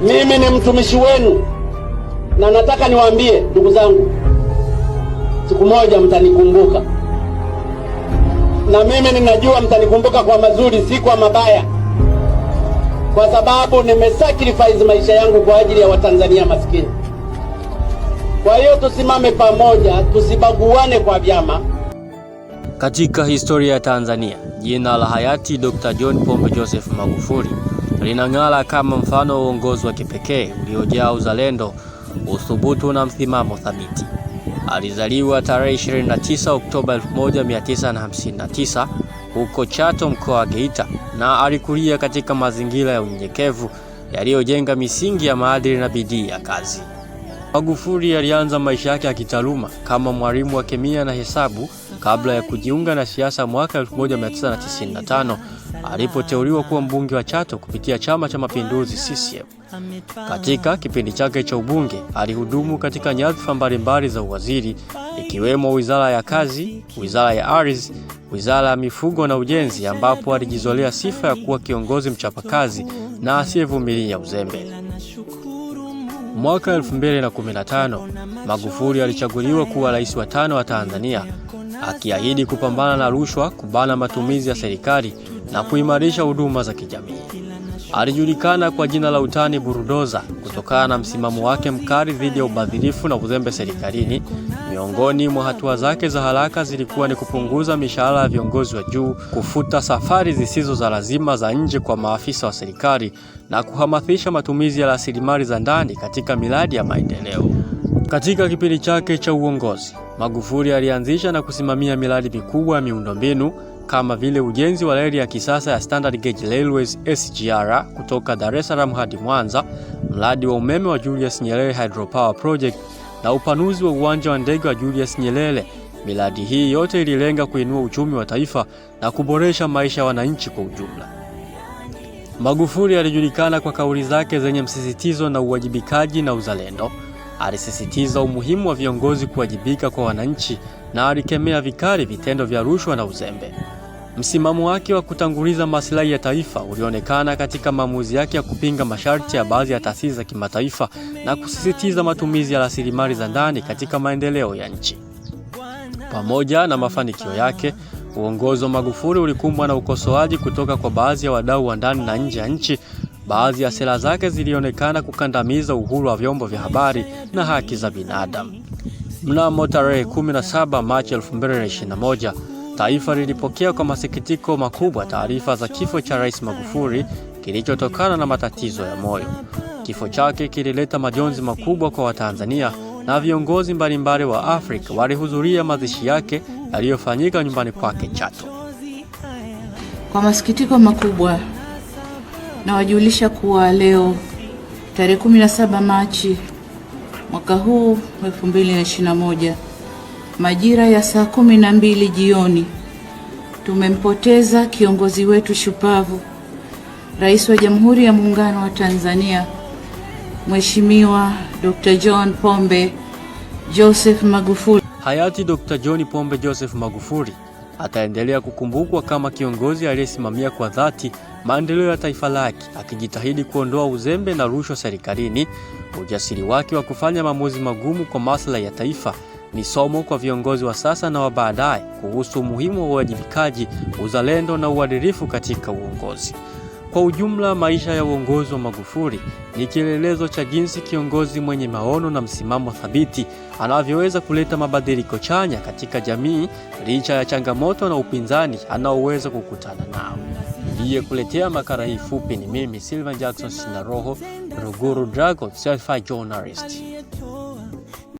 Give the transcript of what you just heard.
Mimi ni mtumishi wenu na nataka niwaambie ndugu zangu, siku moja mtanikumbuka, na mimi ninajua mtanikumbuka kwa mazuri, si kwa mabaya, kwa sababu nimesacrifice maisha yangu kwa ajili ya Watanzania maskini. Kwa hiyo tusimame pamoja, tusibaguane kwa vyama. Katika historia ya Tanzania, jina la hayati Dr. John Pombe Joseph Magufuli linang'ara kama mfano wa uongozi wa kipekee uliojaa uzalendo, uthubutu na msimamo thabiti. Alizaliwa tarehe 29 Oktoba 1959 huko Chato, mkoa wa Geita, na alikulia katika mazingira ya unyenyekevu yaliyojenga misingi ya maadili na bidii ya kazi. Magufuli alianza maisha yake ya kitaaluma kama mwalimu wa kemia na hesabu kabla ya kujiunga na siasa mwaka 1995 alipoteuliwa kuwa mbunge wa Chato kupitia Chama cha Mapinduzi CCM. Katika kipindi chake cha ubunge alihudumu katika nyadhifa mbalimbali za uwaziri ikiwemo Wizara ya Kazi, Wizara ya Ardhi, Wizara ya Mifugo na Ujenzi, ambapo alijizolea sifa ya kuwa kiongozi mchapakazi na asiyevumilia uzembe. Mwaka 2015 Magufuli alichaguliwa kuwa rais wa tano wa Tanzania akiahidi kupambana na rushwa, kubana matumizi ya serikali na kuimarisha huduma za kijamii. Alijulikana kwa jina la utani Burudoza kutokana na msimamo wake mkali dhidi ya ubadhirifu na uzembe serikalini. Miongoni mwa hatua zake za haraka zilikuwa ni kupunguza mishahara ya viongozi wa juu, kufuta safari zisizo za lazima za nje kwa maafisa wa serikali na kuhamasisha matumizi ya rasilimali za ndani katika miradi ya maendeleo. Katika kipindi chake cha uongozi Magufuli alianzisha na kusimamia miradi mikubwa ya miundombinu kama vile ujenzi wa reli ya kisasa ya Standard Gauge Railways SGR kutoka Dar es Salaam hadi Mwanza, mradi wa umeme wa Julius Nyerere Hydropower Project na upanuzi wa uwanja wa ndege wa Julius Nyerere. Miradi hii yote ililenga kuinua uchumi wa taifa na kuboresha maisha ya wananchi kwa ujumla. Magufuli alijulikana kwa kauli zake zenye msisitizo na uwajibikaji na uzalendo. Alisisitiza umuhimu wa viongozi kuwajibika kwa wananchi na alikemea vikali vitendo vya rushwa na uzembe. Msimamo wake wa kutanguliza maslahi ya taifa ulionekana katika maamuzi yake ya kupinga masharti ya baadhi ya taasisi za kimataifa na kusisitiza matumizi ya rasilimali za ndani katika maendeleo ya nchi. Pamoja na mafanikio yake, uongozi wa Magufuli ulikumbwa na ukosoaji kutoka kwa baadhi ya wadau wa ndani na nje ya nchi baadhi ya sera zake zilionekana kukandamiza uhuru wa vyombo vya habari na haki za binadamu. Mnamo tarehe 17 Machi 2021, taifa lilipokea kwa masikitiko makubwa taarifa za kifo cha Rais Magufuli kilichotokana na matatizo ya moyo. Kifo chake kilileta majonzi makubwa kwa Watanzania na viongozi mbalimbali wa Afrika walihudhuria mazishi yake yaliyofanyika nyumbani kwake Chato. Kwa masikitiko makubwa Nawajulisha kuwa leo tarehe 17 Machi mwaka huu 2021 majira ya saa kumi na mbili jioni tumempoteza kiongozi wetu shupavu, Rais wa Jamhuri ya Muungano wa Tanzania Mheshimiwa Dr. John Pombe Joseph Magufuli. Hayati Dr. John Pombe Joseph Magufuli ataendelea kukumbukwa kama kiongozi aliyesimamia kwa dhati maendeleo ya taifa lake, akijitahidi kuondoa uzembe na rushwa serikalini. Ujasiri wake wa kufanya maamuzi magumu kwa maslahi ya taifa ni somo kwa viongozi wa sasa na wa baadaye kuhusu umuhimu wa uwajibikaji, uzalendo na uadilifu katika uongozi. Kwa ujumla, maisha ya uongozi wa Magufuli ni kielelezo cha jinsi kiongozi mwenye maono na msimamo thabiti anavyoweza kuleta mabadiliko chanya katika jamii licha ya changamoto na upinzani anaoweza kukutana nao. Aliyekuletea makala hii fupi ni mimi Silvan Jackson, sina roho Ruguru Dragon, self journalist.